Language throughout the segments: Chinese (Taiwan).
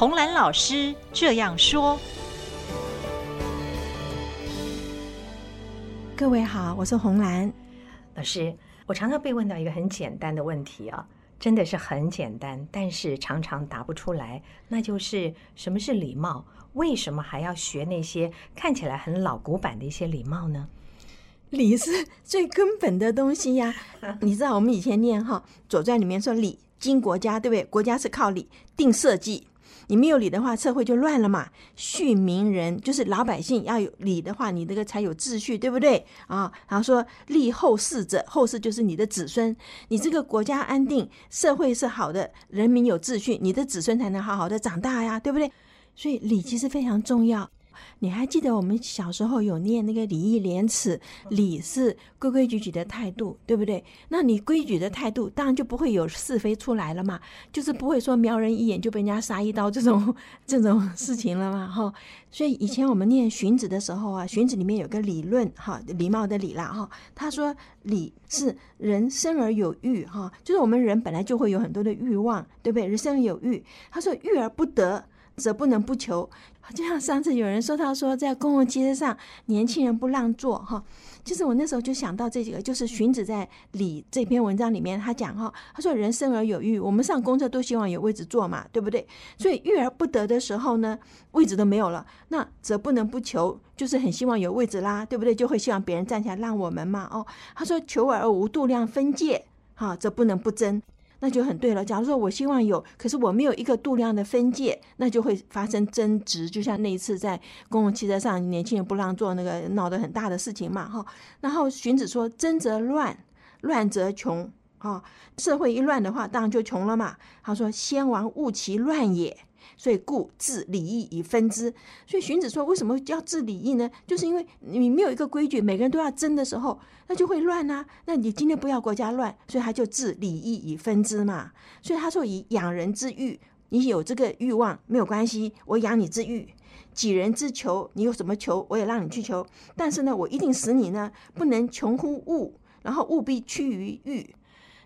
洪蘭老師這樣說：“各位好，我是洪蘭老師。我常常被問到一個很簡單的問題啊，真的是很簡單，但是常常答不出來。那就是什麼是禮貌？為什麼還要學那些看起來很老古板的一些禮貌呢？禮是最根本的東西呀， 你知道我們以前念哈《哈左傳》裡面說禮經國家，對不對？國家是靠禮定社稷。你沒有禮的話，社會就亂了嘛。序民人就是老百姓要有禮的話，你這個才有秩序，對不對啊？然後說利後世者，後世就是你的子孫，你這個國家安定，社會是好的，人民有秩序，你的子孫才能好好的長大呀，對不對？所以禮其實非常重要。你還記得我們小時候有念那個禮義廉恥，禮是規規矩矩的態度，對不對？那你規矩的態度，當然就不會有是非出來了嘛，就是不會說瞄人一眼就被人家殺一刀這種這種事情了嘛，哈、哦。所以以前我們念荀子的時候啊，荀子裡面有個理論，哈，禮貌的禮啦，哈，他說禮是人生而有欲，哈，就是我們人本來就會有很多的欲望，對不對？人生而有欲，他說欲而不得，則不能不求，就像上次有人說他說，在公共汽車上年輕人不讓座哈，其實我那時候就想到這幾個，就是荀子在《禮》這篇文章裡面，他講哈，他說人生而有欲，我們上公車都希望有位置坐嘛，對不對？所以欲而不得的時候呢，位置都沒有了，那則不能不求，就是很希望有位置啦，對不對？就會希望別人站起來讓我們嘛，哦，他說求而無度量分界，哈，則不能不爭。那就很對了。假如說我希望有，可是我沒有一個度量的分界，那就會發生爭執。就像那一次在公共汽車上，年輕人不讓座那個鬧得很大的事情嘛，哈。然後荀子說：“爭則亂，亂則窮。”啊、哦，社會一亂的話，當然就窮了嘛。他說：“先王務其亂也，所以故治禮義以分之。”所以荀子說：“為什麼叫治禮義呢？就是因為你沒有一個規矩，每個人都要爭的時候，那就會亂啊。那你今天不要國家亂，所以他就治禮義以分之嘛。所以他說：‘以養人之欲，你有這個欲望沒有關係，我養你之欲；己人之求，你有什麼求，我也讓你去求。但是呢，我一定使你呢不能窮乎物，然後務必趨於欲。’”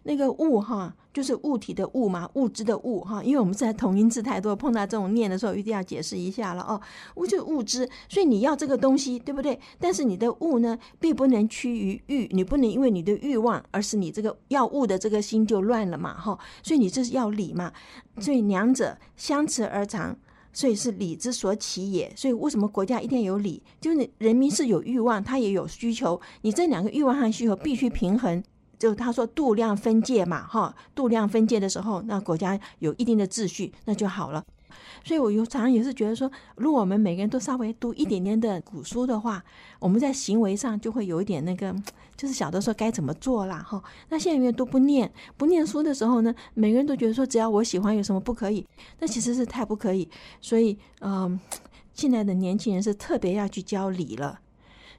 那個物哈，就是物體的物嘛，物質的物哈。因為我們是在同音字太多，碰到這種念的時候，一定要解釋一下了哦。物就是物質，所以你要這個東西，對不對？但是你的物呢，必不能趨於欲，你不能因為你的欲望，而使你這個要物的這個心就亂了嘛，哈、哦。所以你這是要禮嘛，所以兩者相持而長，所以是禮之所起也。所以為什麼國家一定要有禮？就是人民是有欲望，他也有需求，你這兩個欲望和需求必須平衡。就他說度量分界嘛，哈，度量分界的時候，那國家有一定的秩序，那就好了。所以我有常常也是覺得說，如果我們每個人都稍微讀一點點的古書的話，我們在行為上就會有一點那個，就是小的時候該怎麼做啦，哈。那現在因為都不念，不念書的時候呢，每個人都覺得說，只要我喜歡有什麼不可以，那其實是太不可以。所以，嗯、呃，現在的年輕人是特別要去教禮了。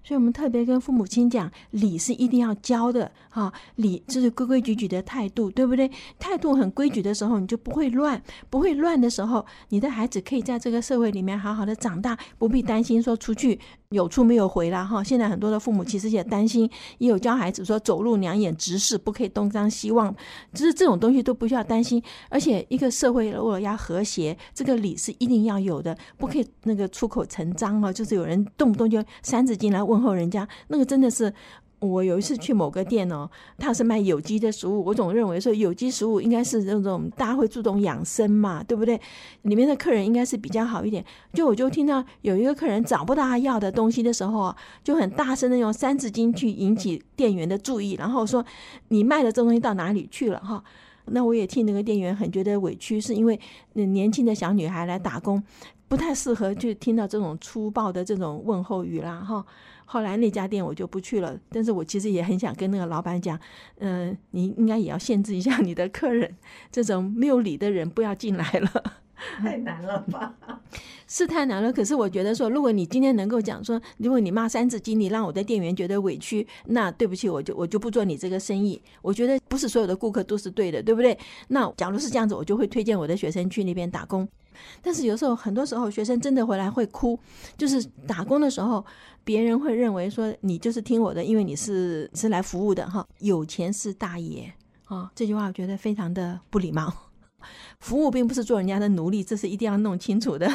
所以我們特別跟父母親講，禮是一定要教的，哈、啊，禮就是規規矩矩的態度，對不對？態度很規矩的時候，你就不會亂，不會亂的時候，你的孩子可以在這個社會裡面好好的長大，不必擔心說出去有出沒有回來哈、啊。現在很多的父母其實也擔心，也有教孩子說走路兩眼直視，不可以東張西望，就是這種東西都不需要擔心。而且一個社會如果要和諧，這個禮是一定要有的，不可以那個出口成髒哦，就是有人動不動就三字經來問，然後人家，那個真的是我有一次去某個店哦，他是賣有機的食物，我總認為說，有機食物應該是那種大家會注重養生嘛，對不對？裡面的客人應該是比較好一點。就我就聽到有一個客人找不到他要的東西的時候就很大聲的用三字經去引起店員的注意，然後說：“你賣的這東西到哪裡去了？”哈，那我也替那個店員很覺得委屈，是因為年輕的小女孩來打工。不太適合去聽到這種粗暴的這種問候語啦，哈。後來那家店我就不去了，但是我其實也很想跟那個老闆講，嗯、呃，你應該也要限制一下你的客人，這種沒有禮的人不要進來了。太難了吧， 是太難了。可是我覺得說，如果你今天能夠講說，如果你罵三字經，你讓我的店員覺得委屈，那對不起，我就我就不做你這個生意。我覺得不是所有的顧客都是對的，對不對？那假如是這樣子，我就會推薦我的學生去那邊打工。但是有時候，很多時候學生真的回來會哭，就是打工的時候，別人會認為說你就是聽我的，因為你是是來服務的哈。有錢是大爺啊。哦，這句話我覺得非常的不禮貌。服務並不是做人家的奴隸，這是一定要弄清楚的。